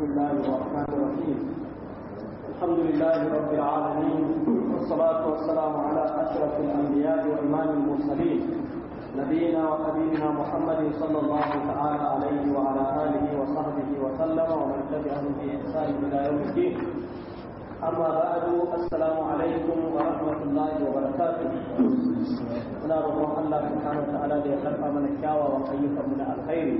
بسم الله الرحمن الرحيم الحمد لله رب العالمين والصلاة والسلام على أشرف الأنبياء وإمام المرسلين نبينا وحبيبنا محمد صلى الله تعالى عليه وعلى آله وصحبه وسلم ومن تبعهم بإحسان إلى يوم الدين أما بعد السلام wa rahmatullahi wa وبركاته muna roƙon Allah subhanahu ta'ala da ya karɓa mana kyawawan ayyukan mu na alkhairi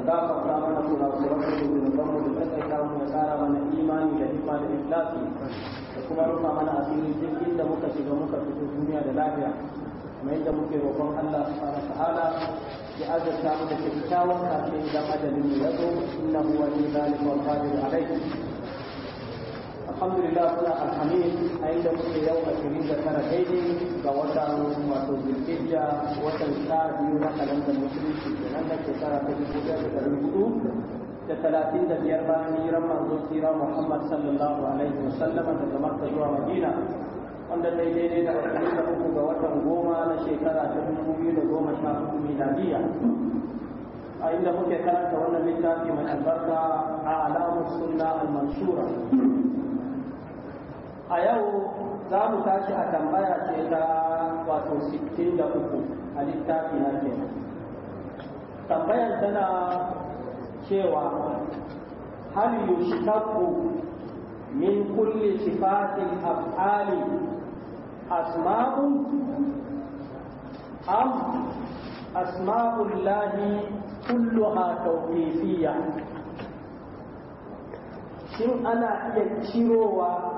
da za ka fara mana kula da wannan da mu da tsakaita mu ya kara mana imani da hikma da ikhlasi da kuma rufa mana asiri duk inda muka shiga muka fito duniya da lafiya kamar inda muke roƙon Allah subhanahu ta'ala ya azurta mu da kyakkyawan kafin idan ajalin mu ya zo innahu waliyyu dhalika wal alayhi الحمد لله صلى الحميد عند كل يوم تريد سنتين بوتر وتوز الحجة وتنساد يوم كلام المسلم في جنة كسرة تجد تدرسون تتلاتين دبير باني رمى الزكيرة محمد صلى الله عليه وسلم تتمرت جوا مدينة wanda daidai ne da ashirin da uku ga watan goma na shekara ta dubu biyu da goma sha uku miladiya a inda muke karanta wannan littafi mai albarka a alamun sunna al-mansura a yau za mu tashi a tambaya ce ta wato 63 a littafi na ke Tambayar tana cewa hal yushtaqu min kulli sifatil af'ali asma'un am asma'ullahi kulluha tawqifiyya shin ana iya cirowa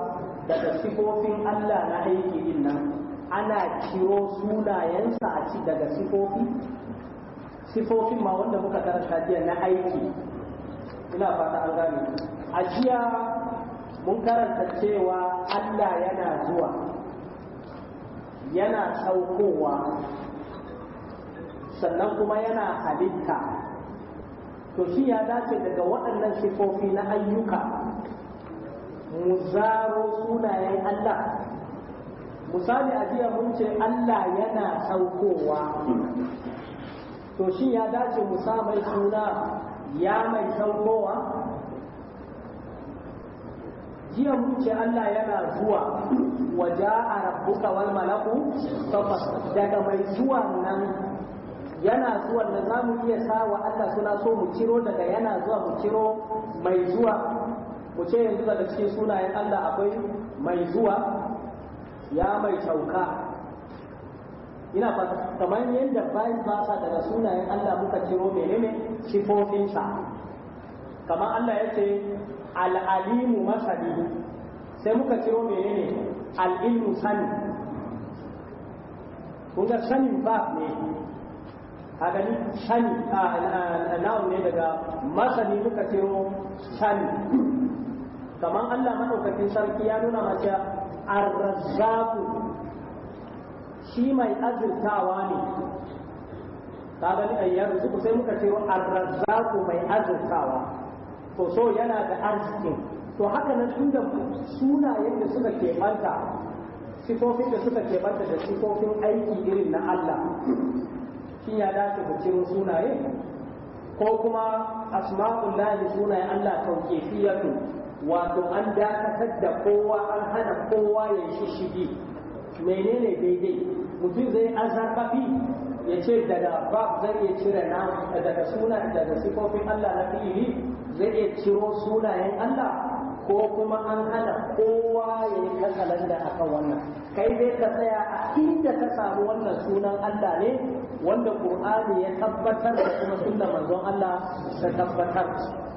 daga sifofin Allah na aiki din nan ana ciro sunayensa a ci daga sifofi sifofin ma wanda muka karanta jiya na aiki ina fata an gane a jiya mun karanta cewa Allah yana zuwa yana saukowa sannan kuma yana halitta to shi ya dace daga waɗannan sifofi na ayyuka mu zaro sunayen Allah misali a jiya mun ce Allah yana saukowa to shi ya dace mu sa mai suna ya mai saukowa jiya mun ce Allah yana zuwa waje a rabbuka wal malaku daga mai zuwa nan yana zuwa da za mu iya sa wa Allah suna so mu ciro daga yana zuwa mu ciro mai zuwa ku ce yanzu daga cikin sunayen Allah akwai mai zuwa ya mai sauka ina ba kamar yadda bayan ba sa daga sunayen Allah muka ciro menene sifofinsa kamar Allah ya ce al'alimu masani sai muka ciro menene al'ilmu sani kun ga sani ba ne gani sani a ne daga masani muka kiro sani kamar Allah maɗaukakin sarki ya nuna mace arzaku shi mai azurtawa ne kaga ni ayyar zuku sai muka ce arzaku mai azurtawa to so yana da arzikin to haka nan tunda sunayen da suka manta sifofin da suka manta da sifofin aiki irin na Allah shin ya dace mu ciro sunaye ko kuma asma'ullahi sunayen Allah fiyatu wato an dakatar da kowa an hana kowa ya shishigi menene daidai mutum zai azarfafi ya ce daga bab zai iya cire na daga suna daga sifofin Allah na fili zai iya ciro sunayen Allah ko kuma an hana kowa ya yi kasalan da aka wannan kai zai ka tsaya a inda ka samu wannan sunan Allah ne wanda qur'ani ya tabbatar da kuma sunnar manzon Allah ta tabbatar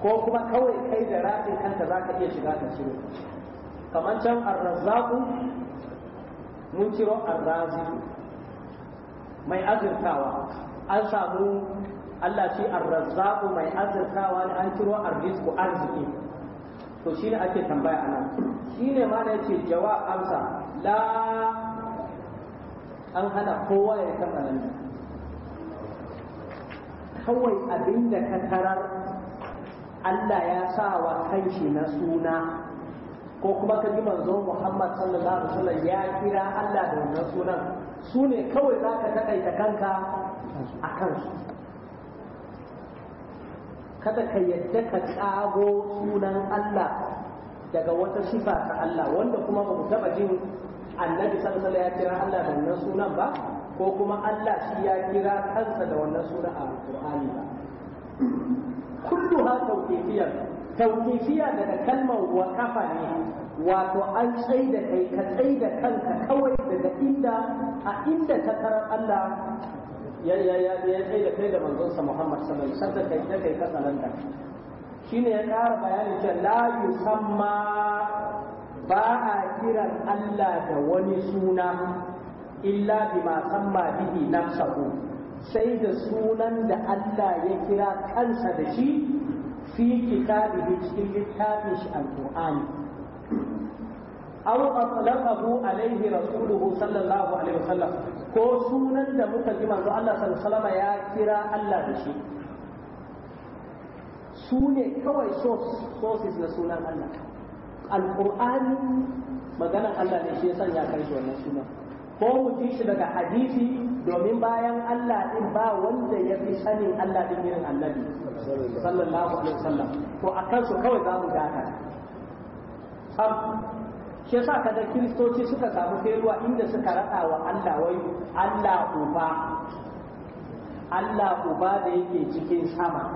ko kuma kawai kai da rakin kanta zaka iya shiga ka ciro kamar can ar mun ciro ar mai azurtawa an samu Allah ce ar mai azurtawa ne an ciro ar arziki to shine ake tambaya anan shine ma da yace jawab amsa la an hana kowa ya taɓa nan kawai abin da ka tarar Allah ya sa wa kanshi na suna ko kuma ka ji manzo Muhammad sallallahu alaihi wasallam ya kira Allah da wannan sunan su ne kawai za ka takaita kanka a kansu kada ka yadda ka kago sunan Allah daga wata sifa ta Allah wanda kuma ba ku taba jin annabi sallallahu alaihi wasallam ya kira Allah da wannan sunan ba ko kuma Allah shi ya kira kansa da wannan suna a Qur'ani ba kullu ha tawqifiyya tawqifiyya daga kalmar waqafa ne wato an tsai da kai ka tsai da kanka kawai daga inda a inda ta tarar Allah ya ya ya ya tsai da kai da manzon sa Muhammad sallallahu alaihi wasallam kai da kai ka salanta shine ya ƙara bayani cewa la yusamma ba a kiran Allah da wani suna illa bima samma bihi nafsahu sai da sunan da Allah ya kira kansa da shi fi kitabihi cikin littafin shi alqur'ani aw atlaqahu alaihi rasuluhu sallallahu alaihi wasallam ko sunan da muka ji manzo Allah sallallahu alaihi wasallam ya kira Allah da shi su ne kawai sources na sunan Allah alqur'ani maganan Allah ne shi ya sanya kai shi wannan sunan ko mu ji shi daga hadisi domin bayan Allah din ba wanda ya fi sanin Allah din irin annabi sallallahu alaihi wasallam to akan su kawai za mu daka sam shi yasa kada kiristoci suka samu kairuwa inda suka rada wa Allah wai Allah uba Allah uba da yake cikin sama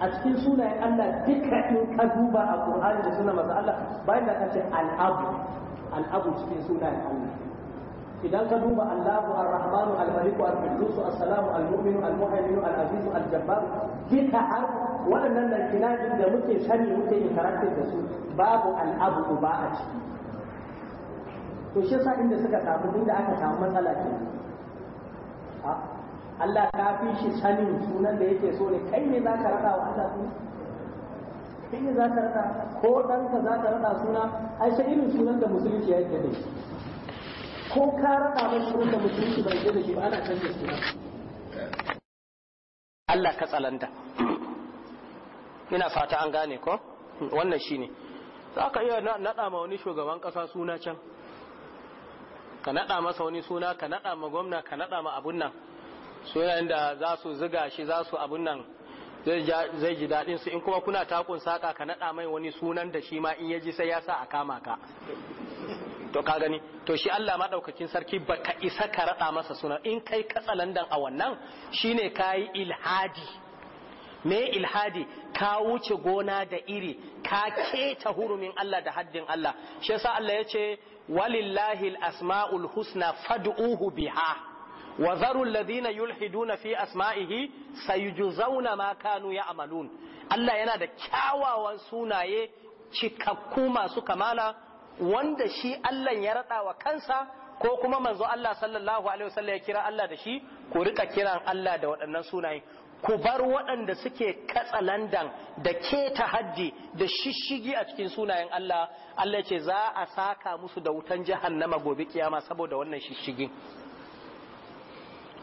a cikin sunayen Allah duka in ka duba a Qur'ani da sunan masa Allah bayan da kace al-abu al-abu cikin sunayen Allah idan ka duba Allahu Ar-Rahmanu Al-Malik Al-Quddus As-Salamu Al-Mu'min Al-Muhaymin Al-Aziz Al-Jabbar duka har waɗannan nan kinajin da muke sani muke interactive da su babu al'abu ba a ciki to shi yasa inda suka samu inda aka samu matsala ke Allah ka fi shi sanin sunan da yake so ne kai ne za ka raɗa wa Allah sunan kai ne za ka rada ko ɗanka za ka rada suna ai sai irin sunan da musulunci ya yake da shi ko ka raɗa mai sunan da musulunci bai je da shi ba ana canza suna Allah ka tsalanta ina fata an gane ko wannan shi ne. za ka iya naɗa ma wani shugaban ƙasa suna can ka naɗa masa wani suna ka naɗa ma gwamna ka naɗa ma abun nan sunan da za su ziga shi za su abun nan zai ji daɗin su in kuma kuna takun saƙa ka naɗa mai wani sunan da shi ma in ya ji sai ya sa a kama ka to ka gani to shi Allah madaukakin sarki baka isa ka rada masa suna in kai katsalandan a wannan shine kai ilhadi me ilhadi ka wuce gona da iri ka keta hurumin Allah da haddin Allah shi yasa Allah yace walillahi asmaul husna fad'uhu biha wa zaru alladhina yulhiduna fi asma'ihi sayujzauna ma kanu ya'malun Allah yana da kyawawan sunaye cikakku masu kamala wanda shi Allah ya rada wa kansa ko kuma manzo Allah sallallahu alaihi wasallam ya kira Allah da shi ku rika kiran Allah da waɗannan sunaye ku bar waɗanda suke katsalandan da keta haddi da shishigi a cikin sunayen Allah Allah ce za a saka musu da wutan jahannama gobe kiyama saboda wannan shishigin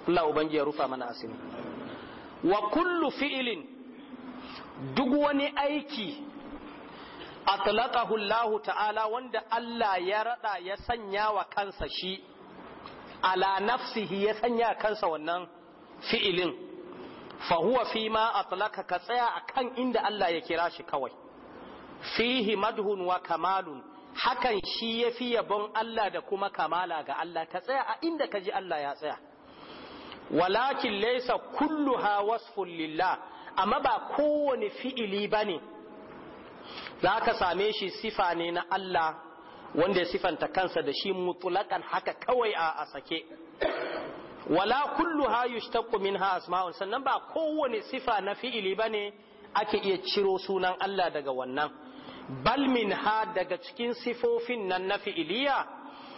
Allah ubangi ya rufa mana asiri wa kullu filin. duk wani aiki atlaqahu Allah ta'ala wanda Allah ya rada ya sanya wa kansa shi ala nafsihi ya sanya kansa wannan fi'ilin fa huwa fi ma atlaqa ka tsaya akan inda Allah ya kira shi kawai fihi madhun wa kamalun hakan shi yafi yabon Allah da kuma kamala ga Allah ka tsaya a inda ka ji Allah ya tsaya walakin laysa kulluha wasfun lillah amma ba kowane fi'ili bane za ka same shi sifa ne na Allah wanda ya sifanta kansa da shi mutulakan haka kawai a sake wala kullu ha yushtaqu minha asma'un sannan ba kowane sifa na fi'ili bane ake iya ciro sunan Allah daga wannan bal min ha daga cikin sifofin nan na fi'iliya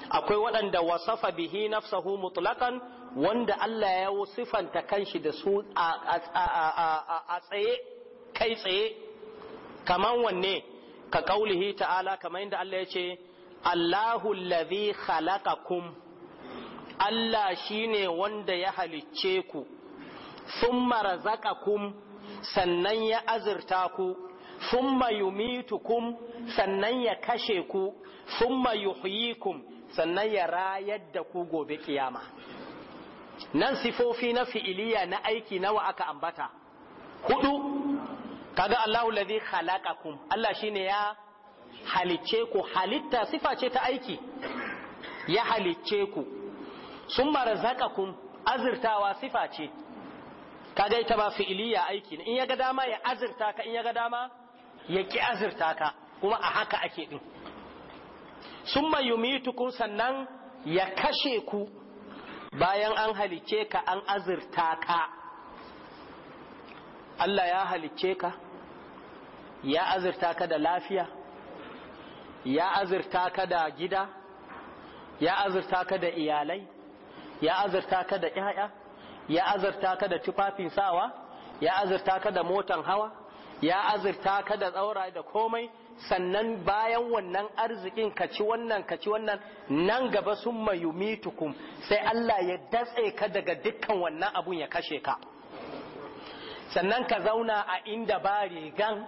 akwai waɗanda wasafa bihi nafsahu mutlaqan wanda Allah ya sifanta kanshi da su a tsaye kai tsaye kaman wanne ka kaulihi ta'ala kamar yadda Allah ya ce Allahu allazi khalaqakum Allah shine wanda ya halicce ku thumma razaqakum sannan ya azurta ku thumma yumitukum sannan ya kashe ku thumma yuhyikum sannan ya rayar da ku gobe kiyama nan sifofi na fi'iliya na aiki nawa aka ambata hudu kaga Allahu ladhi khalaqakum Allah shine ya halicce ku halitta sifa ce ta aiki ya halicce ku sun marazaqakum azirtawa sifa ce kaga ita ba fi'iliya aiki in yaga dama ya azirta ka in ya dama ya ki azirta ka kuma a haka ake din summa yumitukum sannan ya kashe ku bayan an halice ka an azirta ka Allah ya halicce ka ya azurta ka da lafiya ya azurta ka da gida ya azurta ka da iyalai ya azurta ka da ƴaƴa ya azurta ka da tufafin sawa ya azurta ka da motan hawa ya azurta ka da tsaura da komai sannan bayan wannan arzikin ka ci wannan ka ci wannan nan gaba sun mayumitukum sai Allah ya datse ka daga dukkan wannan abun ya kashe ka sannan ka zauna a inda ba rigan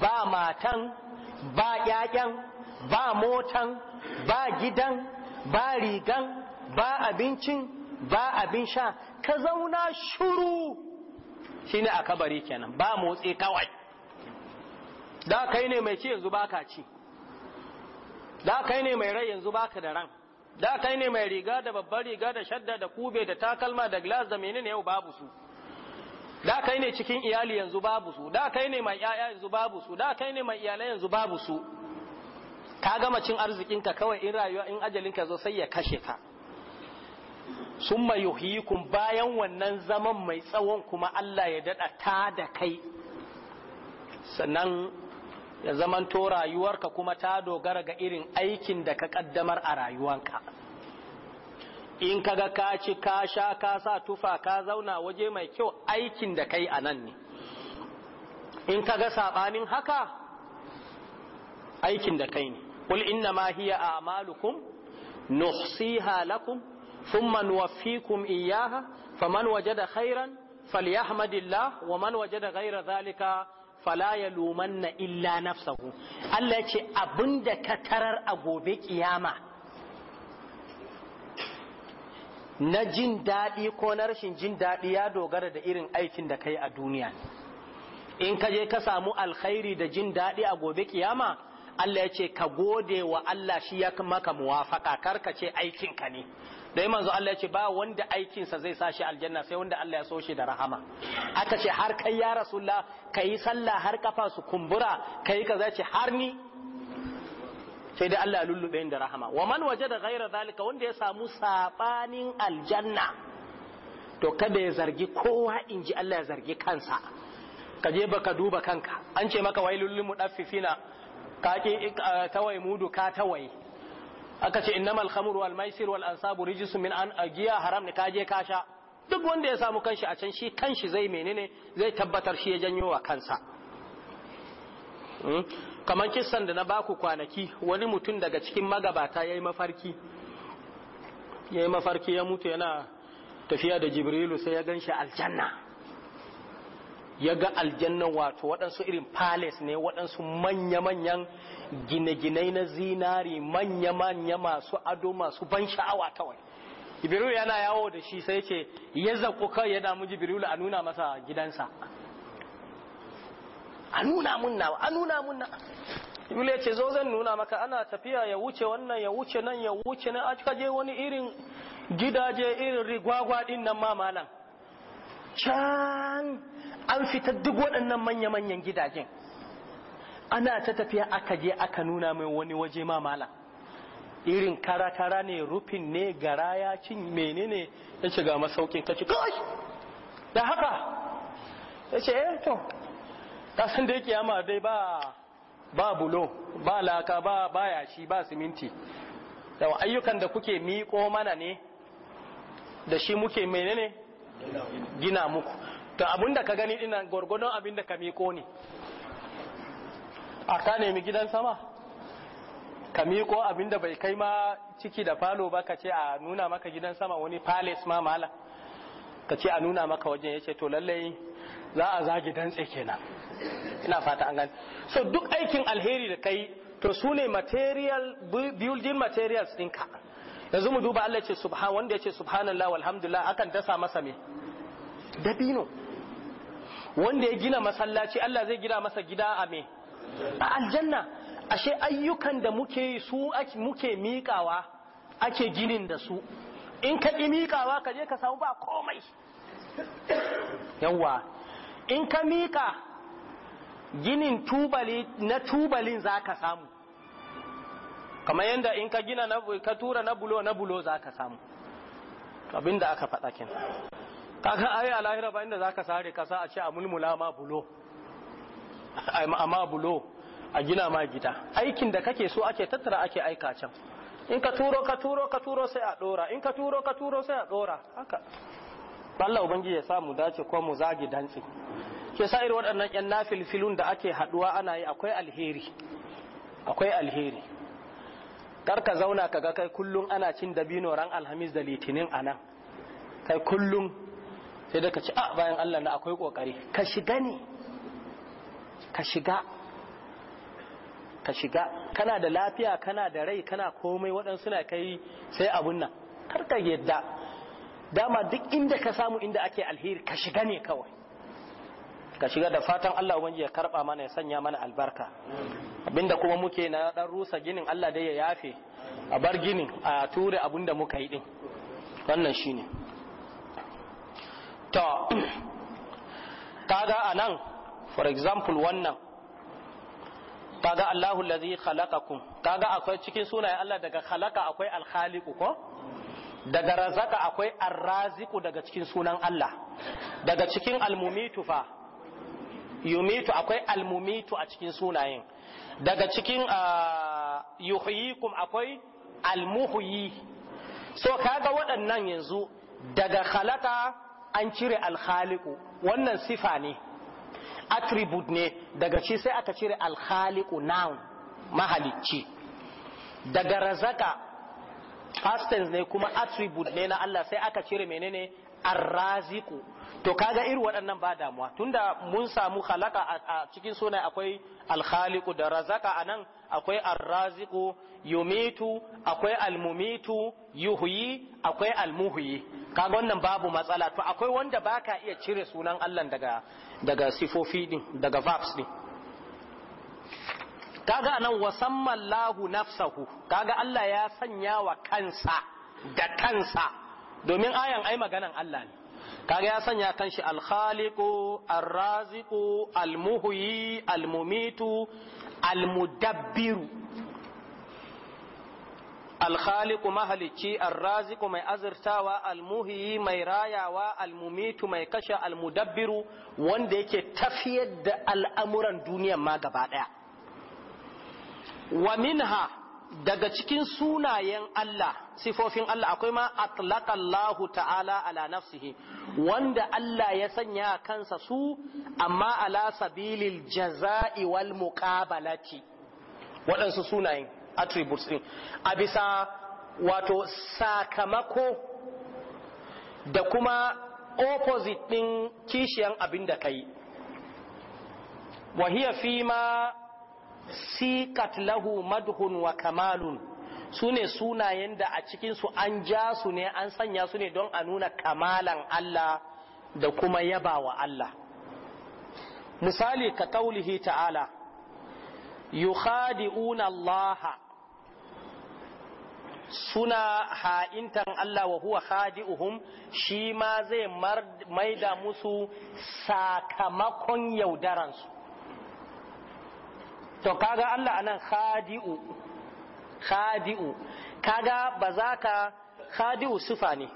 ba matan ba ƴaƴan ba motan ba gidan ba rigan ba abincin ba abin sha ka zauna shuru ne a kabari kenan ba motsi kawai da kai ne mai ci yanzu baka ci da kai ne mai rai yanzu baka da ran da kai ne mai riga da babbar riga da shadda da kube da takalma da glass da menene yau babu su da kai ne cikin iyali yanzu babu su da kai ne mai yaya yanzu babu su da kai ne mai iyalai yanzu babu su ka gama cin arzikinka kawai in rayuwa in ajalinka zo sai ya kashe ka summa yuhyikum bayan wannan zaman mai tsawon kuma Allah ya daɗa ta da kai sannan ya zamanto rayuwarka kuma ta dogara ga irin aikin da ka ƙaddamar a rayuwanka in kaga ka ci ka sha ka sa tufa ka zauna waje mai kyau aikin da kai a nan ne in kaga sabanin haka aikin da kai ne qul inna ma hiya a'malukum nuhsiha lakum thumma nuwaffikum iyyaha faman wajada khairan falyahmadillah wa man wajada ghaira zalika fala yalumanna illa nafsahu Allah ya ce abinda ka tarar a gobe kiyama na jin daɗi ko na rashin jin daɗi ya dogara da irin aikin da kai a duniya in ka je ka samu alkhairi da jin daɗi a gobe kiyama Allah ya ce ka gode wa Allah shi ya maka muwafaka ka ce aikin ka ne dai manzo Allah ya ce ba wanda aikinsa zai sa aljanna sai wanda Allah ya so shi da rahama aka ce har kai ya rasulullah kai sallah har kafa su kumbura kai kaza ce har ni sai dai Allah ya lullube da rahama wa man wajada ghaira zalika wanda ya samu sabanin aljanna to kada ya zargi kowa in ji Allah ya zargi kansa ka je baka duba kanka an ce maka wai lil mudaffifina ka ke tawai mudu ka tawai aka ce innamal khamru wal maisir wal ansabu rijsun min an agiya haram ne ka je ka sha duk wanda ya samu kanshi a can shi kanshi zai menene zai tabbatar shi ya janyo wa kansa Hmm? kamar kisan da na baku kwanaki wani mutum daga cikin magabata ya yi mafarki ya yi mafarki ya mutu yana tafiya da jibrilu sai ya gan shi aljanna ya ga aljanna wato waɗansu irin palace ne waɗansu manya-manyan gine-ginai na zinari manya-manya masu ado masu ban sha'awa kawai jibrilu yana yawo da shi sai ce ya zaƙo kai ya damu jibrilu a nuna masa gidansa a nuna mun nawa a nuna mun nawa ce zo zan nuna maka ana tafiya ya wuce wannan ya wuce nan ya wuce nan aka je wani irin gidaje irin rigwagwa din nan ma malam can an fita duk waɗannan manya-manyan gidajen ana ta tafiya aka je aka nuna mai wani waje ma malam irin kara-kara ne rufin ne gara ya cin menene ya shiga masaukin kaci kawai da haka ya ce eh to kasan da kiyama dai ba ba bulo ba laka ba ba yashi ba siminti yawa ayyukan da kuke miƙo mana ne da shi muke menene gina muku to abinda ka gani dinan gwargwadon abinda ka miƙo ne a ka nemi gidan sama ka miƙo abinda bai kai ma ciki da falo ba ka ce a nuna maka gidan sama wani palace ma mala ka ce a nuna maka wajen ya ce to lallai za a zagi dantse kenan ina fata an gani so duk aikin alheri da kai to sune material building materials ɗinka yanzu mu duba Allah ce subhan wanda ya ce subhanallah walhamdulillah akan dasa masa me dabino wanda ya gina masallaci Allah zai gina masa gida a me a aljanna ashe ayyukan da muke su muke miƙawa ake ginin da su in ka ƙi miƙawa ka je ka samu ba komai yawa in ka miƙa ginin tubali na tubalin za ka samu kamar yadda in ka gina na ka tura na bulo na bulo za ka samu abin da aka faɗa kin kaga ai a lahira ba inda za ka sare kasa a ce a mulmula ma bulo a ma bulo a gina ma gida aikin da kake so ake tattara ake aika can in ka turo ka turo ka turo sai a dora in ka turo ka turo sai a dora haka Allah ubangiji ya sa mu dace ko mu zagi dantsi ke sa iri waɗannan yan nafilfilun da ake haɗuwa ana yi akwai alheri akwai alheri kar ka zauna ga kai kullum ana cin dabino ran alhamis da litinin nan. kai kullum sai da ka ci a ah, bayan Allah na akwai ƙoƙari. ka shiga ne ka shiga ka shiga kana da lafiya kana da rai kana komai waɗansu na kai sai abun nan kar ka yadda dama duk inda ka samu inda ake alheri ka shiga ne kawai ka shiga da fatan Allah ubangi ya karba mana ya sanya mana albarka abinda kuma muke na dan rusa ginin Allah dai ya yafe a bar ginin a ture abinda muka yi din wannan shine to kaga anan for example wannan kaga Allahu allazi khalaqakum kaga akwai cikin sunayen Allah daga khalaqa akwai al-khaliqu ko daga razaka akwai arraziku daga cikin sunan Allah daga cikin al-mumitu fa yumitu akwai almumitu a cikin sunayen daga cikin ah, yuhyikum akwai almuhuyi so kaga waɗannan yanzu daga khalaka an cire alkhaliku wannan sifa ne attribute ne daga ci sai aka cire alhaliku noun mahalicci daga razaka past ne kuma attribute ne na Allah sai aka cire menene arraziku to kaga irin waɗannan ba damuwa tunda mun samu halaka a cikin suna akwai alkhaliku da razaka anan akwai arraziku yumitu akwai almumitu yuhyi akwai almuhyi kaga wannan babu matsala to akwai wanda baka iya cire sunan Allah daga daga sifofi din daga verbs din kaga anan wasamma lahu nafsahu kaga Allah ya sanya wa kansa da kansa domin ayan ai maganan Allah ne kaga ya sanya kan shi alkhaliqu arraziqu almuhyi almumitu almudabbiru alkhaliqu mahalicci arraziqu mai azurtawa almuhyi mai rayawa almumitu mai kashe almudabbiru wanda yake tafiyar da al'amuran duniyan ma gaba daya wa minha daga cikin sunayen Allah sifofin Allah akwai ma atlaqallahu ta'ala ala nafsihi wanda Allah ya sanya kansa su amma ala sabilil jaza'i wal muqabalati waɗansu sunayen attributes din a bisa wato sakamako da kuma opposite din kishiyan abinda da kai wa hiya fi ma sikat lahu madhun wa kamalun su ne sunayen da a cikinsu an ja su ne an sanya su ne don a nuna kamalan Allah da kuma yaba wa Allah misali ka kaulihi ta'ala yukhadi'una Allah suna ha'intan Allah wa huwa khadi'uhum shi ma zai maida musu sakamakon yaudaransu to kaga Allah anan khadi'u khadi'u kaga ba za ka khadi'u sifa ne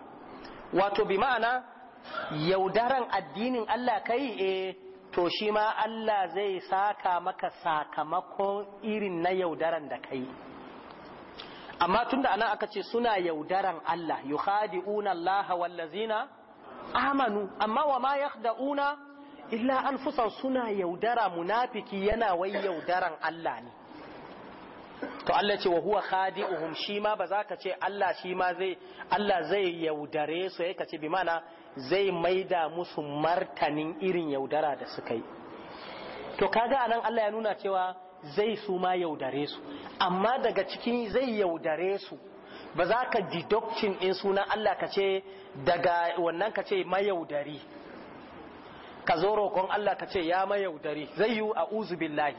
wato bi ma'ana yaudaran addinin Allah kai e eh, to shi ma Allah zai saka maka sakamakon irin na yaudaran da kai amma tunda anan aka ce suna yaudaran Allah yukhadi'una Allah wallazina amanu amma wa ma yakhda'una illa anfusan suna yaudara munafiki yana wai yaudaran Allah ne to Allah ce wa huwa khadi'uhum shi ma ba za ka ce Allah shi ma zai Allah zai yaudare su ya ce bi mana zai maida musu martanin irin yaudara da suka yi to kaga anan Allah ya nuna cewa zai su ma yaudare su amma daga cikin zai yaudare su ba za ka deduction din sunan Allah ka ce daga wannan ka ce mayaudari ka zo roƙon Allah ka ce ya mayaudari zai yi a billahi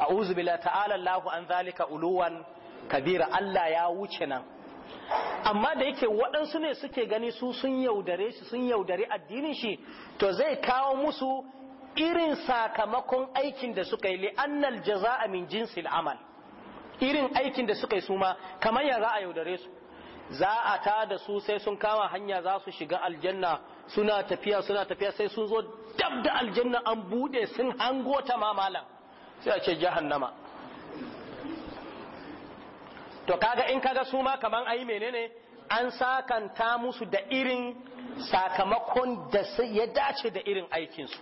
a billahi ta'ala lahu an zalika uluwan kabira Allah ya wuce nan amma da yake waɗansu ne suke gani su sun yaudare shi sun yaudare addinin shi to zai kawo musu irin sakamakon aikin da suka yi li'annal jaza'a min jinsil amal irin aikin da suka yi suma kamar ya a yaudare su za a ta da su sai sun kama hanya za su shiga aljanna suna tafiya suna tafiya sai sun zo dab da aljanna an bude sun hango ta ma malam sai a ce jahannama to kaga in kaga su ma kaman ayi menene an sakanta musu da irin sakamakon da ya dace da irin aikinsu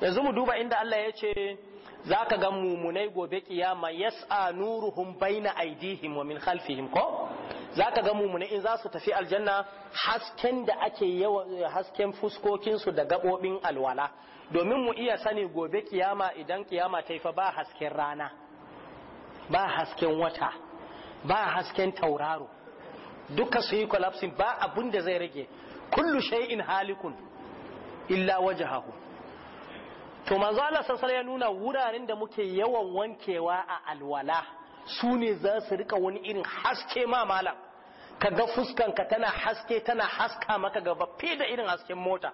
yanzu mu duba inda Allah ya ce zaka ga mumunai gobe kiyama yas'a nuruhum baina aidihim wa min khalfihim ko za ka ga mumune in za su tafi aljanna hasken da ake yawan hasken fuskokinsu da gaɓoɓin alwala domin mu iya sani gobe kiyama idan kiyama ta yi fa ba hasken rana ba hasken wata ba hasken tauraro duka su yi kwalafsin ba abun da zai rage kullu shay'in halikun illa wajhahu to manzo Allah sallallahu ya nuna wuraren da muke yawan wankewa a alwala su ne za su rika wani irin haske ma malam ka ga fuskanka tana haske tana haska maka gaba fi da irin hasken mota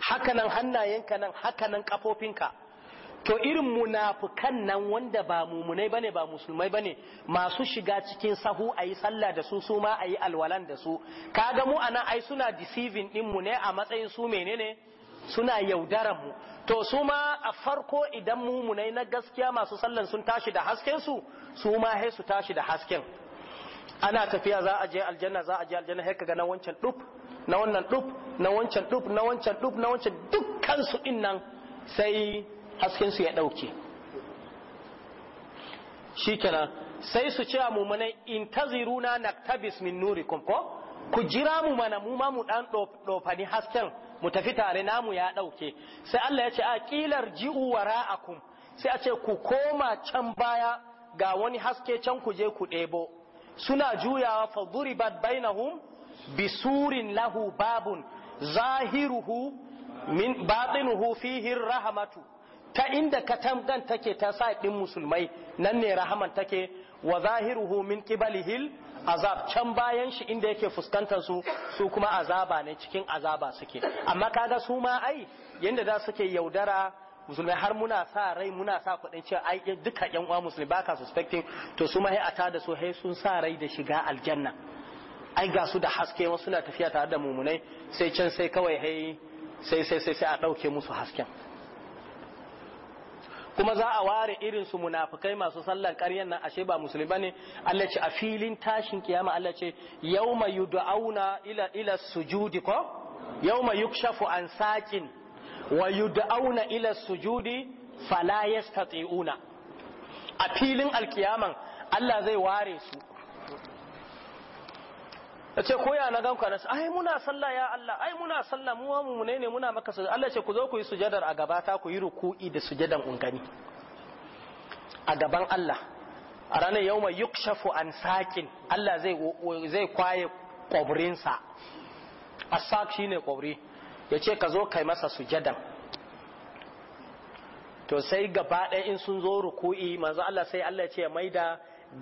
hakanan hannayenka nan hakanan kafofinka to irin munafukan nan wanda ba mumunai bane ba musulmai bane masu shiga cikin sahu a yi sallah da su su ma ayi alwalan da su kaga mu anan ai suna deceiving din mu ne a matsayin su menene suna yaudaran mu to su ma a farko idan mumunai na gaskiya masu sallan sun tashi da hasken su su ma sai su tashi da hasken ana tafiya za a je aljanna za a je aljanna sai kaga na wancan dub na wannan dub na wancan dub na wancan dub na wancan dukkan su din nan sai hasken su ya dauke shikenan sai su ce mumunai intaziruna naktabis min nurikum ko ku jira mu mana mu ma mu dan dofani hasken mu tafi tare namu ya ɗauke sai Allah ya ce a ƙilar ji'u wara'akum sai a ce ku koma can baya ga wani haske can ku je ku debo. suna juyawa fa duribat bainahum bisurin lahu babun zahiruhu min batinuhu fihi rahmatu ta inda dan take ta sa ɗin musulmai nan ne rahaman take wa zahiruhu min qibalihil azab can bayan shi inda yake fuskantar su su kuma azaba ne cikin azaba suke amma kaga su ma ai yanda za suke yaudara musulmai har muna sa rai muna sa kuɗin cewa ai duka yan uwa musulmi baka suspecting to su ma a da su hai sun sa rai da shiga aljanna ai ga su da haske wasu suna tafiya tare da mumunai sai can sai kawai hai sai sai sai sai a ɗauke musu hasken kuma za a ware irin su munafikai masu sallan ƙaryan nan ashe ba musulmi bane Allah ce a filin tashin kiyama Allah ce yawma yud'auna ila ila sujudi ko yawma yukshafu an saqin wa yud'auna ila sujudi fala yastati'una a filin alkiyaman Allah zai ware su ya ce ko na gan kwanas ai muna sallah ya Allah ai muna sallah mu wa mu ne muna maka sujada Allah ce ku zo ku yi sujadar a gaba ta ku yi ruku'i da sujadan ungani a gaban Allah a ranar yawma yukshafu an sakin Allah zai zai kwaye kwabrinsa sa asak shine kwabri ya ce ka zo kai masa sujadan to sai gaba ɗaya in sun zo ruku'i manzo Allah sai Allah ya ce ya maida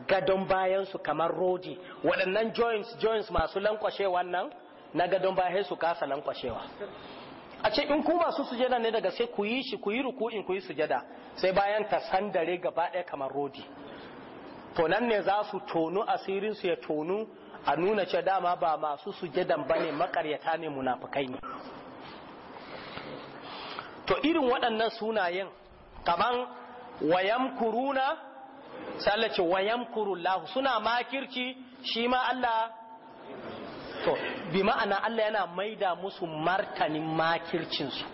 gadon bayansu kamar rodi waɗannan joints joints masu lankwashe wannan na gadon bayan su kasa lankwashewa a ce in ku masu sujada ne daga sai ku yi shi ku yi ruku'in ku yi sujada sai bayan ta sandare gaba ɗaya kamar rodi to nan ne za su tonu asirin su ya tonu a nuna ce dama ba masu sujadan bane makaryata ne munafukai ne to irin waɗannan sunayen kaman kuruna. sai Allah ce wa yamkurullahu suna makirci shi ma Allah to bi ma'ana Allah yana maida musu martanin makircinsu.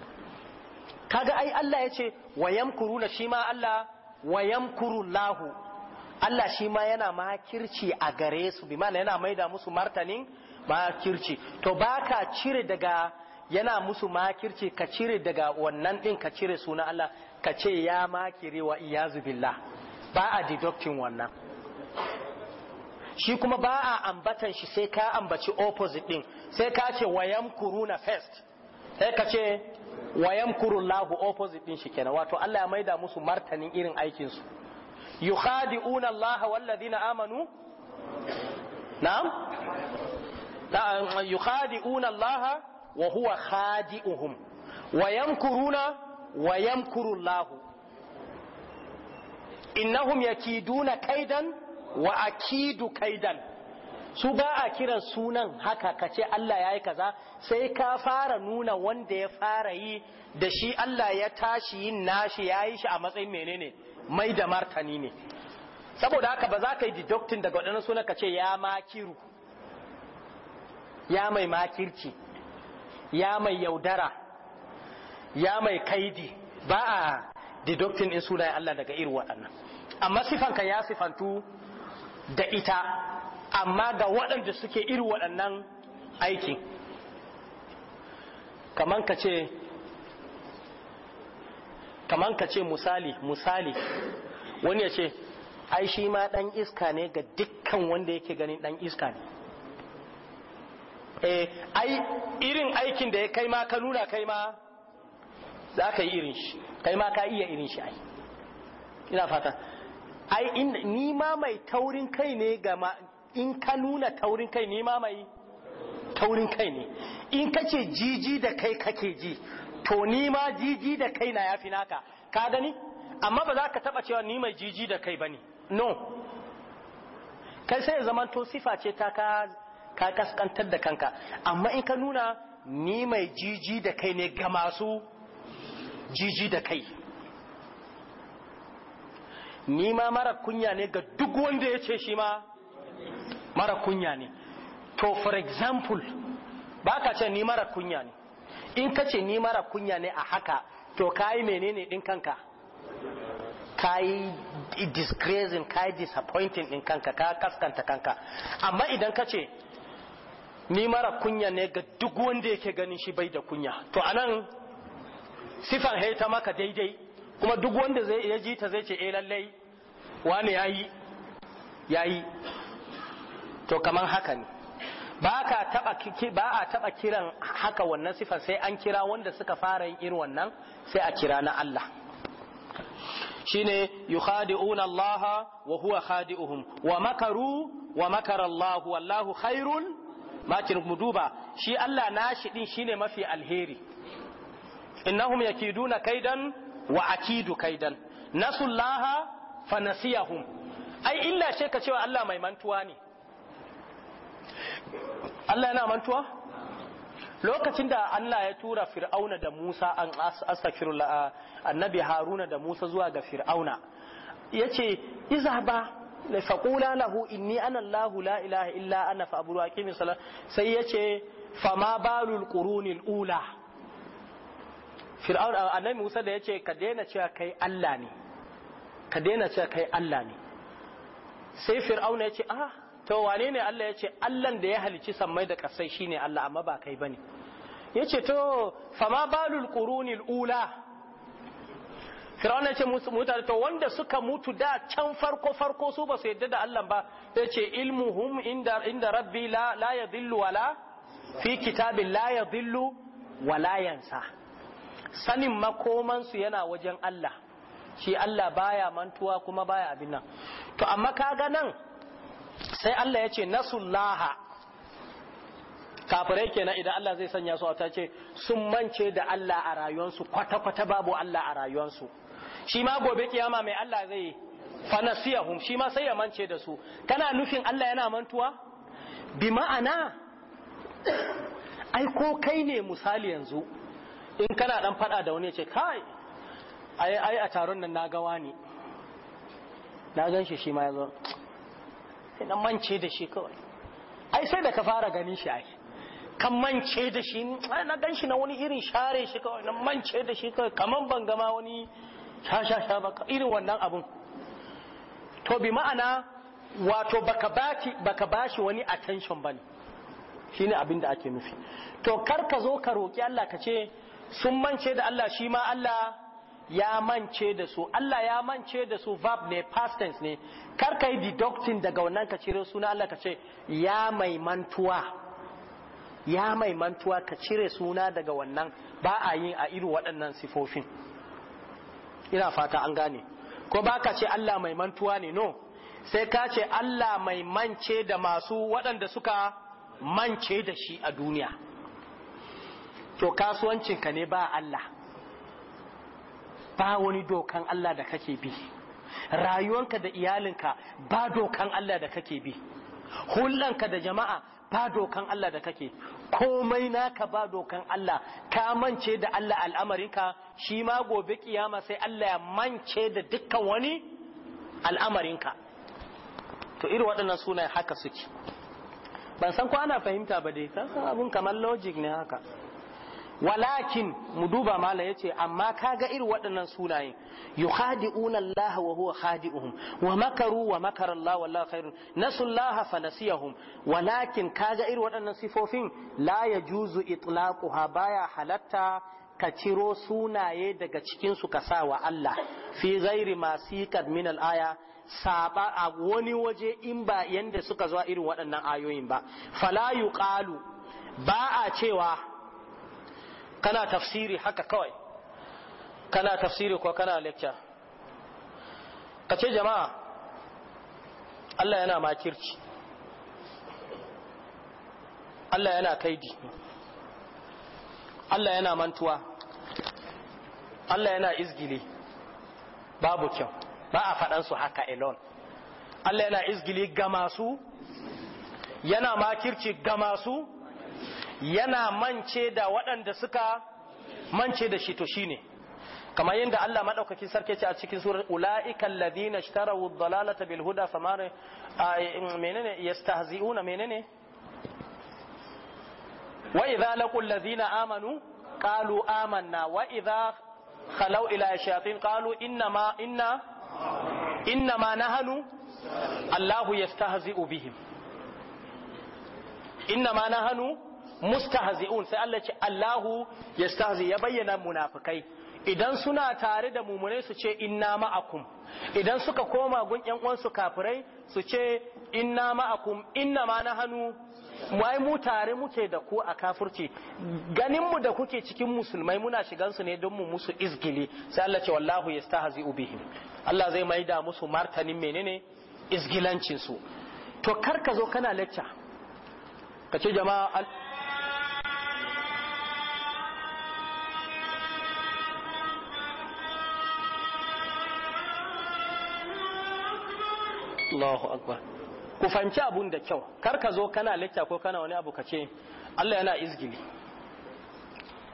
kaga ai Allah ya ce wa yamkuruna shi ma Allah wa yamkurullahu Allah shi ma yana makirci a gare su bi ma'ana yana maida musu martanin makirci to baka cire daga yana musu makirci ka cire daga wannan din ka cire suna Allah ka ce ya makire wa iyazu billah ba a deductin wannan shi kuma ba a ambatan shi sai ka ambaci opposite din sai ka ce wayam kuruna first sai ka ce wayam lahu opposite din shi kenan wato Allah ya maida musu martanin irin aikin su yukhadi'una Allah na amanu na'am yukhadi'una Allah wa huwa khadi'uhum wayamkuruna wayamkurullahu innahum yakiduna kaidan wa akidu kaidan su ba a kiran sunan haka kace Allah yayi kaza sai ka fara nuna wanda ya fara yi da shi Allah ya tashi yin nashi yayi shi a matsayin menene mai da martani ne saboda haka ba za ka yi deducting daga waɗannan sunan kace ya makiru ya mai makirci ya mai yaudara ya mai kaidi ba a deducting in sunayen Allah daga irin waɗannan amma sifanka ya sifantu da ita amma ga waɗanda suke irin waɗannan aiki kaman ka ce ka ce misali misali wani ya ce ai shi ma ɗan iska ne ga dukkan wanda yake ganin ɗan iska ne eh ai irin aikin da ya kai ma ka nuna kai ma za ka yi irin shi kai ma ka iya irin shi ai ina fata ai ni ma mai taurin kai ne ga ma in ka nuna taurin kai ni ma mai taurin kai ne in ka ce jiji da kai kake ji to ni ma jiji da kai na yafi naka ka gani amma ba za ka taba cewa ni mai jiji da kai bane no kai sai zaman to sifa ce ta ka ka kaskantar da kanka amma in ka nuna ni mai jiji da kai ne ga masu jiji da kai ni ma mara kunya ne ga duk wanda ya ce shi ma mara kunya ne to for example ba ka ce ni mara kunya ne in ka ce ni mara kunya ne a haka to ka kayi menene din kanka ka kayi disgracing yi disappointing din kanka ka kaskanta kanka amma idan ka ce ni mara kunya ne ga duk wanda yake ganin shi bai da kunya to anan sifan haita ta maka daidai kuma duk wanda ya ji ta zai ce eh lallai wani yayi yayi to kaman haka ne ba ka taba ba a taba kiran haka wannan sifan sai an kira wanda suka fara yin irin wannan sai a kira na Allah shine yukhadi'una Allah wa huwa khadi'uhum wa makaru wa makara Allah wallahu khairul makin mu duba shi Allah nashi din shine mafi alheri innahum yakiduna kaidan wa akidu kaidan nasullaha fanasiyahum ai illa ce ka cewa Allah mai mantuwa ne Allah yana mantuwa lokacin da Allah ya tura fir'auna da Musa an astaghfirullah annabi Haruna da Musa zuwa ga fir'auna yace izaba faqula lahu inni ana Allahu la ilaha illa ana fa'budu aqimis salat sai yace fama balul qurunil ula fir'aun annabi Musa da yace ka daina cewa kai Allah ne ka daina cewa kai Allah ne sai fir'aun ya ce ah to wane ne Allah ya ce Allahn da ya halici sammai da kasai shine Allah amma ba kai bane yace to fama balul qurunil ula fir'aun ya ce mutane to wanda suka mutu da can farko farko su ba su yadda da Allah ba ya ce ilmuhum inda inda rabbi la la yadhillu wala fi kitabin la yadhillu wala yansa sanin makomansu yana wajen Allah shi Allah baya mantuwa kuma baya abin nan to amma kaga nan sai Allah ya ce nasullaha kafirai kenan idan Allah zai sanya su ta ce sun mance da Allah a rayuwarsu kwata-kwata babu Allah a rayuwarsu shi ma gobe kiyama mai Allah zai fanasiyahum shi ma sai ya mance da su kana nufin Allah yana mantuwa bi ma'ana ai ko kai ne misali yanzu in kana dan fada da wani ce kai ai ai a taron nan na gawa ne na gan shi shi ma yazo sai dan mance da shi kawai ai sai da ka fara ganin shi ai kan mance da shi ai na gan shi na wani irin share shi kawai na mance da shi kawai kaman ban gama wani sha sha sha ba irin wannan abun to bi ma'ana wato baka baki baka bashi wani attention bane shine abin da ake nufi to kar ka zo ka roki Allah ka ce sun mance da Allah shi ma Allah ya mance da su Allah ya mance da su verb ne past tense ne kar kai deducting daga wannan ka cire suna Allah ka ce ya mai mantuwa ya mai mantuwa ka cire suna daga wannan ba a yin a irin waɗannan sifofin ina fata an gane ko ba ka ce Allah mai mantuwa ne no sai ka ce Allah mai mance da masu waɗanda suka mance da shi a duniya to kasuwancinka ne ba Allah ba wani dokan Allah da kake bi rayuwanka da iyalinka ba dokan Allah da kake bi hullanka da jama'a ba dokan Allah da kake komai naka ba dokan Allah ka mance da Allah al'amarinka shi ma gobe kiyama sai Allah ya mance da dukkan wani al'amarinka to irin waɗannan sunayen haka suke ban san ko ana fahimta ba dai san abun kamar logic ne haka walakin mu duba mala yace amma kaga irin waɗannan sunaye yukhadi'una Allah wa huwa khadi'uhum wa makaru wa makara Allah wallahu khairun nasu Allah fa nasiyahum walakin kaga irin waɗannan sifofin la yajuzu itlaquha baya halatta ka ciro sunaye daga cikin su sa wa Allah fi ghairi masiqat min al-aya saba a wani waje in ba yanda suka zo irin waɗannan ayoyin ba fala yuqalu ba a cewa kana tafsiri haka kawai kana tafsiri ko kana lecture ka ce jama'a Allah yana makirci Allah yana kaidi Allah yana mantuwa Allah yana izgili babu kyau ba a faɗansu haka elon Allah yana izgili ga masu yana makirci ga masu yana mance da waɗanda suka mance da shi to shine kamar yadda Allah madaukakin sarki ce a cikin surar ula'ikal ladina ishtaraw ad-dalalata bil huda famare eh, menene yastahzi'una menene wa idza laqul ladina amanu qalu amanna wa idza خلو إلى الشياطين قالوا إنما إنا إنما نحن الله يستهزئ بهم إنما نحن mustahzi'un sai Allah ce Allahu yastahzi ya bayyana munafikai idan suna tare da mumunai su ce inna ma'akum idan suka koma gun yan su kafirai su ce inna ma'akum inna ma na hannu wai mu tare muke da ku a kafirci ganin mu da kuke cikin musulmai muna shigan su ne don mu musu izgili sai Allah ce wallahu yastahzi'u bihim Allah zai maida musu martanin menene izgilancin su to kar ka zo kana lecture ka ce jama'a Allahu akbar ku fanci abun da kyau kar ka zo kana lecture ko kana wani abu ka ce Allah yana izgili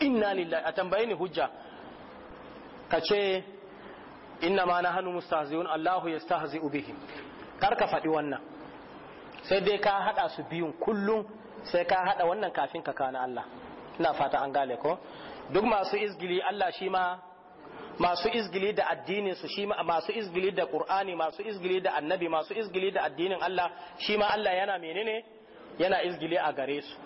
inna lillahi a tambaye ni hujja ka ce inna ma na hannu mustahzi'un Allahu yastahzi'u bihim kar ka faɗi wannan sai dai ka hada su biyun kullum sai ka hada wannan kafin ka kana Allah ina fata an gane ko duk masu izgili Allah shi ma masu izgili da addinin su shi masu izgili da qur'ani masu izgili da annabi masu izgili da addinin Allah shi ma Allah yana menene yana izgili a gare su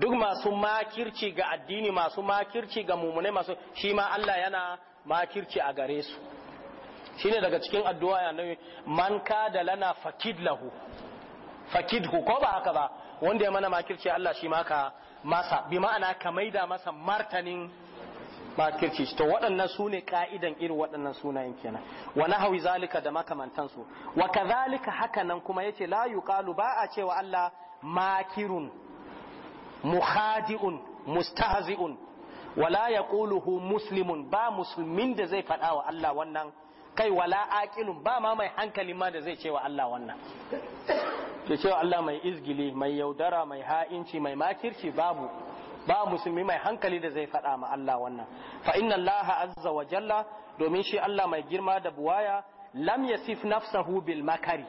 duk masu makirci ga addini masu makirci ga mumune masu shi ma Allah yana makirci a gare su shine daga cikin addu'a ya nan man kada lana fakid lahu Fakid hu ko ba haka ba wanda ya mana makirci Allah shi ma ka masa bi ma'ana ka maida masa martanin makirci to waɗannan su ne ka'idan irin waɗannan sunayen kenan wa zalika da makamantansu wa kadhalika haka nan kuma yace la yuqalu ba a cewa Allah makirun muhadi'un mustahzi'un wala yaquluhu muslimun ba musulmin da zai faɗa wa Allah wannan kai wala aqilun ba ma mai hankali ma da zai ce wa Allah wannan ke cewa Allah mai izgili mai yaudara mai ha'inci mai makirci babu ba musulmi mai hankali da zai faɗa ma Allah wannan fa inna Allah azza wa jalla domin shi Allah mai girma da buwaya lam yasif nafsahu bil makari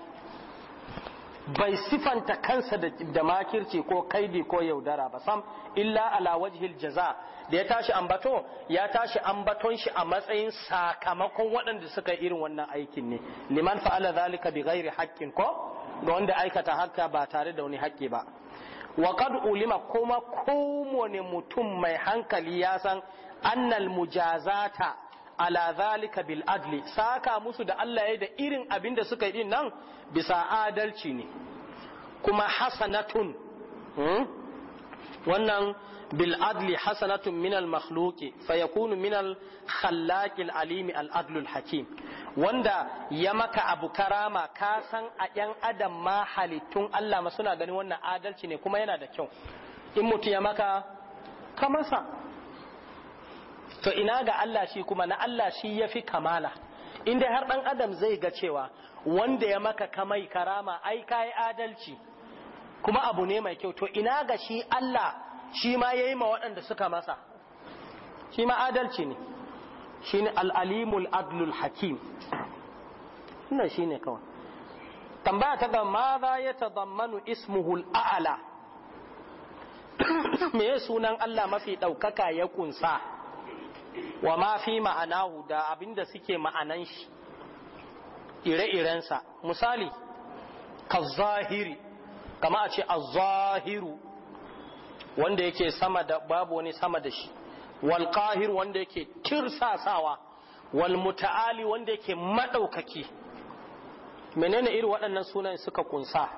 bai sifanta kansa da makirci ko kaidi ko yaudara ba sam illa ala wajhil jaza da ya tashi ambato ya tashi ambaton shi a matsayin sakamakon waɗanda suka irin wannan aikin ne liman fa'ala zalika bi ghairi haqqin ko ga wanda aikata haka ba tare da wani haƙƙi ba wa ulima kuma kowane mutum mai hankali ya san annal mujazata ala zalika bil adli saka musu da Allah ya da irin abin da suka yi din nan bisa adalci ne kuma hasanatun hmm? wannan bil adli hasanatun min al makhluqi fayakunu min al alimi al adlul hakim wanda ya maka abu karama ka san a yan adam ma halittun Allah ma suna ganin wannan adalci ne kuma yana da kyau in mutum ya maka ka masa to ina ga Allah shi kuma na Allah shi yafi kamala In dai har ɗan adam zai ga cewa wanda ya maka kamai karama ai kai adalci kuma abu ne mai kyau to ina ga shi Allah shi ma yayi ma waɗanda suka masa shi ma adalci ne shi ne al'alimul adlul hakim shi ne kawai tambaya ta ga ma za ya tazammanu ismuhul a'ala me sunan Allah mafi ɗaukaka ya kunsa wa ma fi ma'anahu da abinda suke ma'anan shi ire-irensa misali ka zahiri kama a ce a zahiru wanda yake sama da babu wani sama da shi wal qahir wanda yake tirsasawa wal muta'ali wanda yake madaukaki menene irin waɗannan sunan suka kunsa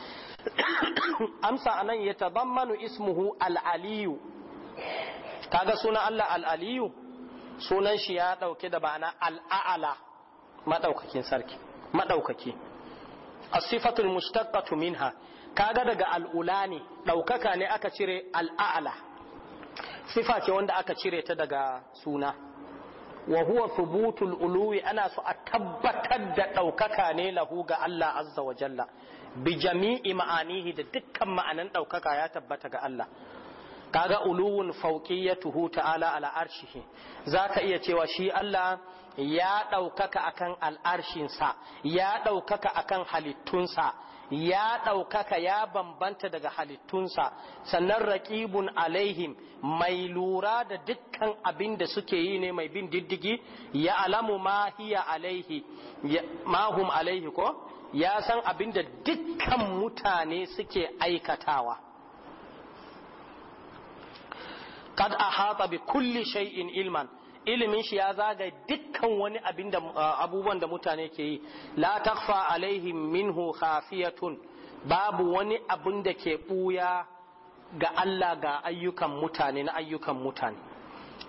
amsa anan ya manu ismuhu al-aliyu kaga sunan Allah al-aliyu sunan shi ya dauke da bana al-a'la madaukakin sarki madaukaki as-sifatul minha kaga daga al'ula ne ɗaukaka ne aka cire al'a'ala sifa ce wanda aka cire ta daga suna wa huwa thubutul uluwi ana so a tabbatar da ɗaukaka ne lahu ga Allah azza wa jalla bi jami'i ma'anihi da dukkan ma'anan ɗaukaka ya tabbata ga Allah kaga uluwun fawqiyatuhu ta'ala ala Za zaka iya cewa shi Allah ya ɗaukaka akan al'arshinsa ya ɗaukaka akan halittunsa ya ɗaukaka ya bambanta daga halittunsa sannan raƙibun alaihim mai lura da dukkan abin da suke yi ne mai bin diddigi ya alamu ma hiya alaihi mahum alaihi ko ya san abin da dukkan mutane suke aikatawa kad ahata bi kulli shay'in ilman ilimin shi ya zaga dukkan wani da abubuwan da mutane ke yi la takfa alaihim minhu khafiyatun babu wani abin da ke buya ga Allah ga ayyukan mutane na ayyukan mutane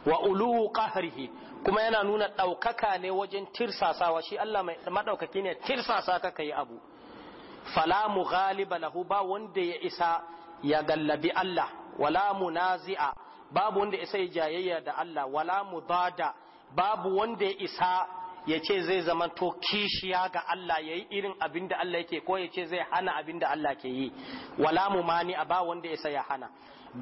wa uluhu qahrihi kuma yana nuna ɗaukaka ne wajen tirsasawa shi Allah mai madaukaki ne tirsasa ka kai abu fala mughaliba lahu ba wanda ya isa ya gallabi Allah wala munazi'a babu wanda isa ya jayayya da Allah wala mudada babu wanda ya isa ya ce zai zama to kishiya ga Allah ya yi irin abin da Allah yake ko ya ce zai hana abin da Allah ke yi wala mu mani a ba wanda ya ya hana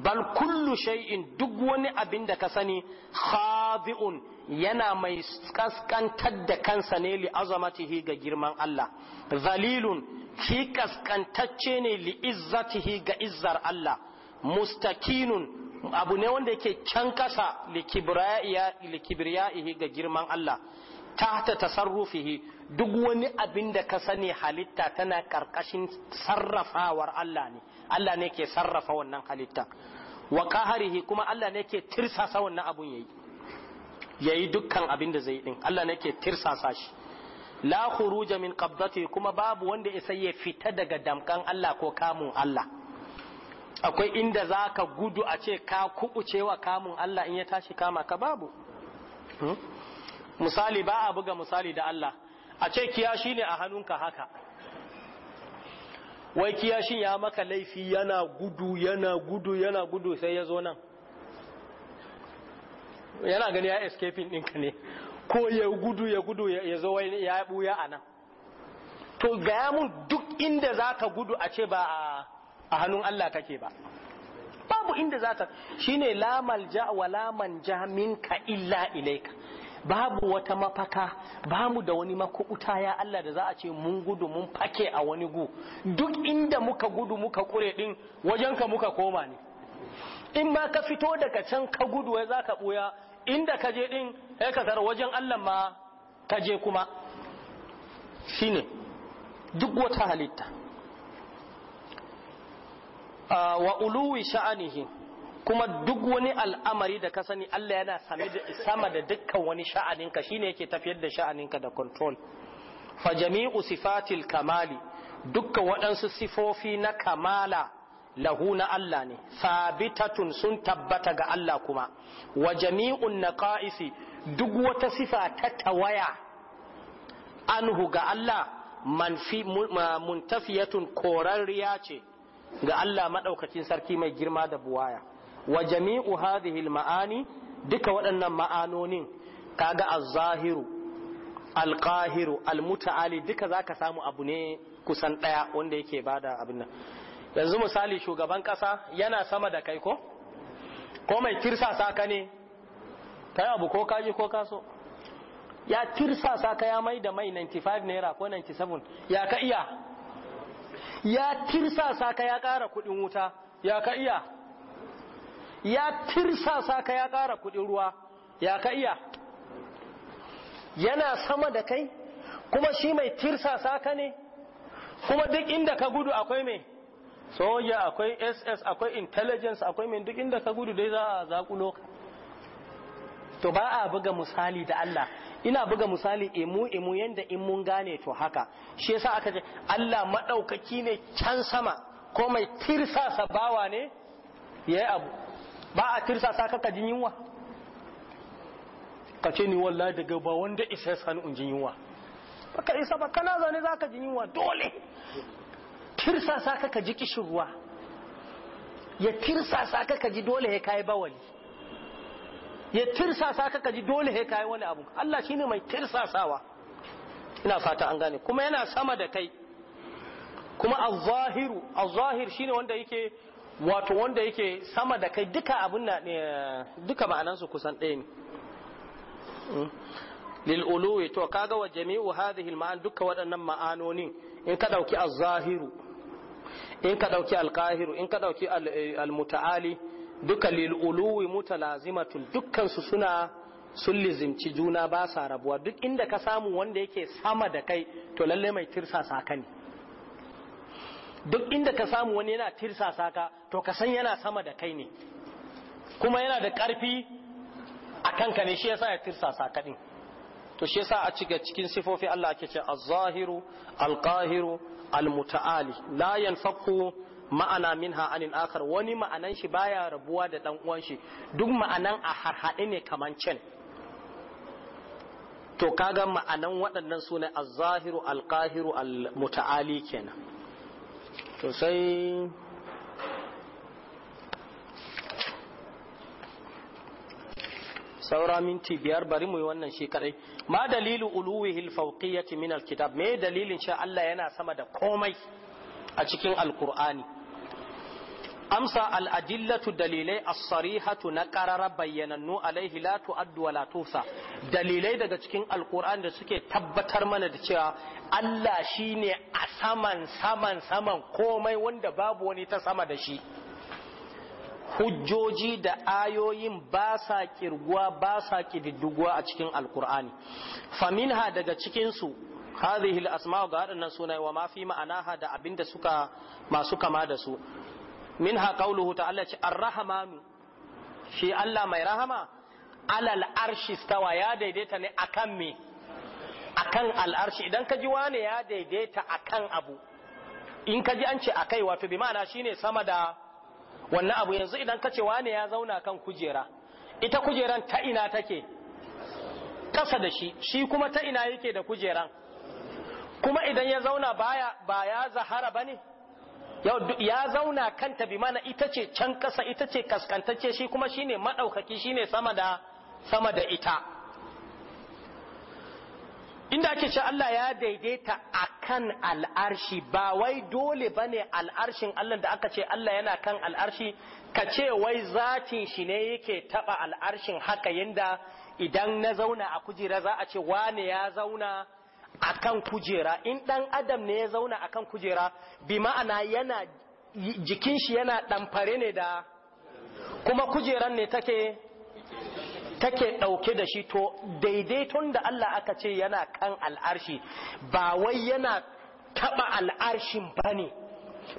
bal kullu shay'in duk wani abin da ka sani khadi'un yana mai kaskantar da kansa ne li azamatihi ga girman Allah zalilun ki kaskantacce ne li izzatihi ga izzar Allah mustakinun abu ne wanda yake can kasa likibriya'ihi ga girman Allah ta ta tasarrufihi duk wani abin da ka sani halitta tana karkashin sarrafawar Allah ne Allah ne ke sarrafa wannan halitta wa qaharihi kuma Allah ne ke tirsasa wannan abun yayi yayi dukkan abin da zai din Allah ne ke tirsasa shi la khuruja min qabdati kuma babu wanda isa ya fita daga damkan Allah ko kamun Allah akwai inda za ka gudu a ce ka kuɓucewa kamun Allah in ya tashi kama ka babu hmm? misali ba a buga misali da Allah a ce kiyashi ne a hannunka haka wai kiyashin ya maka laifi yana gudu yana gudu yana gudu sai ya zo nan yana gani ya escaping ɗinka ne ko ya gudu ya gudu ya zo ya ɓuya a nan to gaya mun duk inda za ka gudu a ce ba a a hannun Allah kake ba babu inda za ta shine la malja wa la manja minka illa ilaika babu wata mafaka bamu da wani makubuta ya Allah da za a ce mun gudu mun fake a wani gu duk inda muka gudu muka kure din wajenka muka koma ne in ma ka fito daga can ka gudu wai za ka buya inda ka je din sai ka wajen Allah ma ka je kuma shine duk wata halitta wa uluwi sha'anihi kuma duk wani al'amari da ka sani Allah yana sama da dukkan wani sha'aninka shine yake tafiyar da sha'aninka da control fa jami'u sifatil kamali dukkan waɗansu sifofi na kamala lahu na Allah ne sabitatun sun tabbata ga Allah kuma wa jami'un naqaisi duk wata sifa ta tawaya anhu ga Allah manfi muntafiyatun korarriya ce ga Allah madaukakin sarki mai girma da buwaya wa jami'u hadhihi ma'ani duka waɗannan ma'anonin kaga az-zahiru al-qahiru al-muta'ali duka zaka samu abu ne kusan daya wanda yake bada abin nan yanzu misali shugaban kasa yana sama da kai ko ko mai kirsa ka ne kai abu ko kaji ko kaso ya kirsa ka ya mai da mai 95 naira ko 97 ya ka iya ya tirsa saka ya ƙara kuɗin wuta ya ka iya ya tirsa saka ya ƙara kuɗin ruwa ya ka iya yana sama da kai kuma shi mai tirsa saka ne kuma duk inda ka gudu akwai mai soja akwai ss akwai intelligence akwai mai duk inda ka gudu dai za a zakulo to ba a buga misali da Allah ina buga misali imu imu yanda in mun gane to haka shi yasa aka ce Allah madaukaki ne can sama ko mai tirsasa bawa ne yayi abu ba a tirsasa ka kajin yunwa ka ce ni wallahi daga ba wanda isa san in jin yunwa baka isa ba kana zane zaka jin yunwa dole tirsasa ka ji kishin ruwa ya tirsasa ka ji dole ya kai bawali ya tirsasa ka kaji dole he kai wani abu Allah shine mai tirsasawa ina fata an gane kuma yana sama da kai kuma az-zahiru az-zahir shine wanda yake wato wanda yake sama da kai duka abun na eh, duka ma'anansu kusan ɗaya ne hmm? uluwi to kaga wa jami'u hadhihi al-ma'an duka waɗannan ma'anonin in ka dauki az-zahiru in ka dauki al-qahiru in ka dauki eh, al-muta'ali duka lil uluwi lazimatul dukkansu suna sun lizimci juna ba sa rabuwa duk inda ka samu wanda yake sama da kai to lalle mai tirsasa ka ne duk inda ka samu wani yana tirsasa ka to ka san yana sama da kai ne kuma yana da karfi a kanka ne shi yasa ya tirsasa ka din to shi yasa a cika cikin sifofi Allah ake ce az-zahiru al-qahiru al-muta'ali la yanfaqu ma'ana min anil akar wani ma'anan shi baya rabuwa da dan uwan shi duk ma'anan a harhaɗe ne kaman can to kaga ma'anan waɗannan suna az-zahiru al-qahiru al-muta'ali kenan to sai saura minti biyar bari mu yi wannan shi kadai ma dalilu uluwihil fawqiyati min kitab me dalilin sha Allah yana sama da komai a cikin alkur'ani amsa al'adillatu dalilai a sarihatu na ƙarara bayyanannu alaihi la tu'addu wa la tusa dalilai daga cikin alkur'an da suke tabbatar mana da cewa Allah shine a saman saman saman komai wanda babu wani ta sama da shi hujjoji da ayoyin ba sa kirguwa ba sa kididduguwa a cikin alkur'ani faminha daga cikinsu hadhihi al-asma'u ga waɗannan sunaye wa ma fi ma'anaha da abinda suka masu kama da su minha ta ta'ala ce ar-rahmanu shi Allah mai rahama alal arshi stawa ya daidaita ne akan me akan al'arshi idan ka ji wane ya daidaita akan abu in ka ji an ce a kai wato bi shi shine sama da wannan abu yanzu idan ka ce wane ya zauna kan kujera ita kujeran ta ina take kasa da shi shi kuma ta ina yake da kujeran kuma idan ya zauna baya ba ya zahara bane ya zauna kanta bi mana ita ce can kasa ita ce kaskantacce shi kuma shi ne shine sama da sama da ita inda ake ce Allah ya daidaita a kan al'arshi ba wai dole ba ne al'arshin Allah da aka ce Allah yana kan al'arshi ka ce wai zatin shi ne yake taɓa al'arshin haka yanda idan na zauna a kujera za a ce wane ya zauna akan kujera in dan adam ne ya zauna akan kujera bi ma'ana yana jikin shi yana ɗamfare ne da kuma kujeran ne take take dauke da shi to daidaiton da Allah aka ce yana kan al'arshi ba wai yana taɓa al'arshin bane.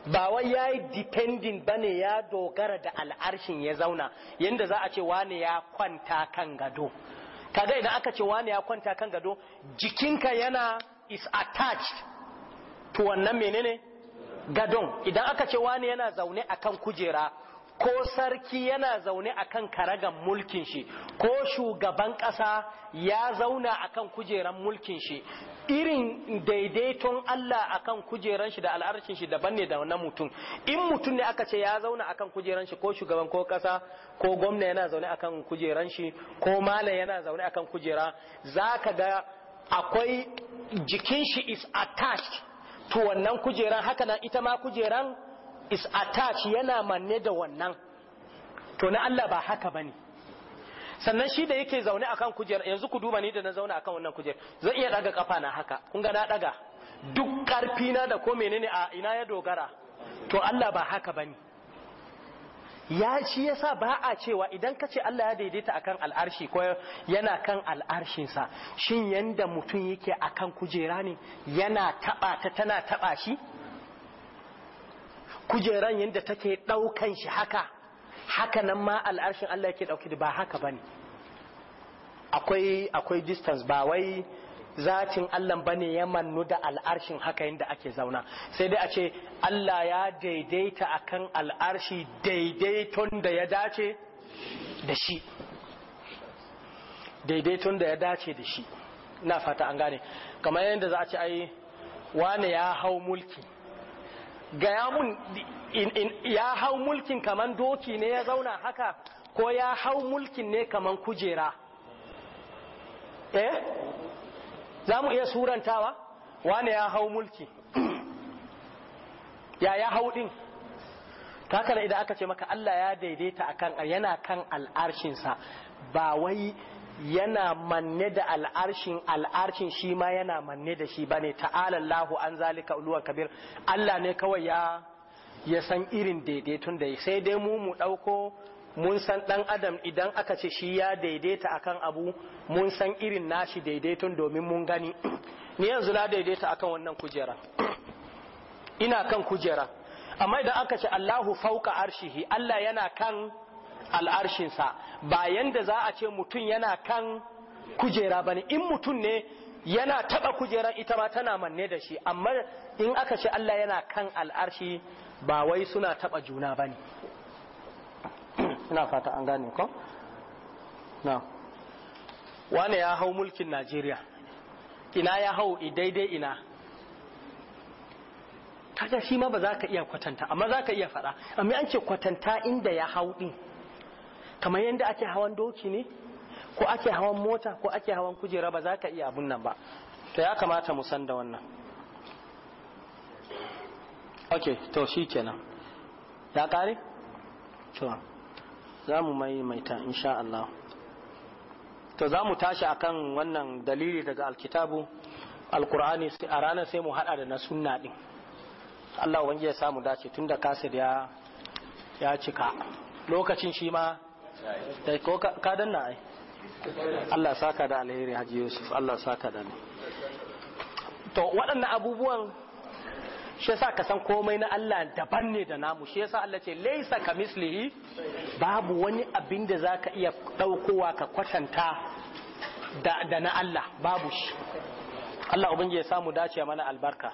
ba wai ya depending ba ya dogara da al'arshin ya zauna yanda za a ce wane ya kwanta kan gado kada idan aka ce wani ya kwanta kan gado jikinka yana is attached to wannan menene gadon idan aka ce wani yana zaune akan kujera ko sarki yana zaune akan karagan mulkin shi ko shugaban ƙasa ya zauna akan kujeran mulkin shi irin daidaiton Allah akan kujeran shi da al'arshin shi daban ne da wannan mutum in mutum ne aka ce ya zauna akan kujeran shi ko shugaban ko ƙasa ko gwamna yana zaune akan kujeran shi ko malam yana zaune akan kujera zaka ga akwai jikin shi is attached to wannan kujeran haka nan ita ma kujeran is attached yana manne da wannan to na Allah ba haka bane sannan shi da yake zaune akan kujer yanzu ku duba ni da na zauna akan wannan kujer zan iya daga kafa na haka kun ga na daga duk karfi na da ko menene a ina ya dogara to Allah ba haka bane ya shi yasa ba a cewa idan ka ce Allah ya daidaita akan al'arshi ko yana kan al'arshinsa shin yanda mutum yake akan kujera ne yana taba ta tana taba shi kujeran yadda take ɗaukan shi haka haka nan ma al'arshin Allah yake ɗauki ba haka bane akwai akwai distance ba wai zatin Allah bane ya mannu da al'arshin haka yadda ake zauna sai dai a ce Allah ya daidaita akan al'arshi daidaiton da ya dace da shi daidaiton da ya dace da shi na fata an gane kamar yadda za a ce ai wane ya hau mulki gaya mun ya hau mulkin kaman doki ne ya zauna haka ko ya hau mulkin ne kaman kujera eh za mu iya surantawa wane ya hau mulki ya ya hau din haka idan aka ce maka Allah ya daidaita akan yana kan al'arshinsa ba wai yana manne da al'arshin al'arshin shi ma yana manne da shi bane ta'ala Allahu an zalika uluwa kabir Allah ne kawai ya ya san irin daidaiton da sai dai mu mu ɗauko mun san dan adam idan aka ce shi ya daidaita akan abu mun san irin nashi daidaiton domin mun gani ni yanzu na daidaita akan wannan kujera ina kan kujera amma idan aka ce Allahu fauka arshihi Allah yana kan al'arshinsa ba yanda za a ce mutum yana kan kujera ba ne. in mutum ne yana taba kujeran ita ma tana manne da shi amma in aka ce Allah yana kan al'arshi ba wai suna taba juna ne. ina fata an gane ko na wane ya hau mulkin Najeriya ina ya hau daidai ina Ta shi ma ba za ka iya kwatanta amma za ka iya faɗa amma an ce kwatanta inda ya hau din kamar yadda ake hawan doki ne ko ake hawan mota ko ake hawan kujera ba za ka iya abun nan ba to ya kamata mu san da wannan ok to shi kenan ya kare? to za mu maimaita insha Allah to za mu tashi akan wannan dalili daga alkitabu alkur'ani a ranar sai mu hada da na sunna din Allah wange ya samu dace tun da kasir ya cika lokacin shi ma kai ko ka danna ai Allah saka da alheri Haji Yusuf Allah saka da ni to waɗannan abubuwan shi yasa ka san komai na Allah daban ne da namu shi yasa Allah ce laysa ka mislihi babu wani abin da zaka iya daukowa ka kwatanta da, na Allah babu shi Allah ubangiji ya samu dace mana albarka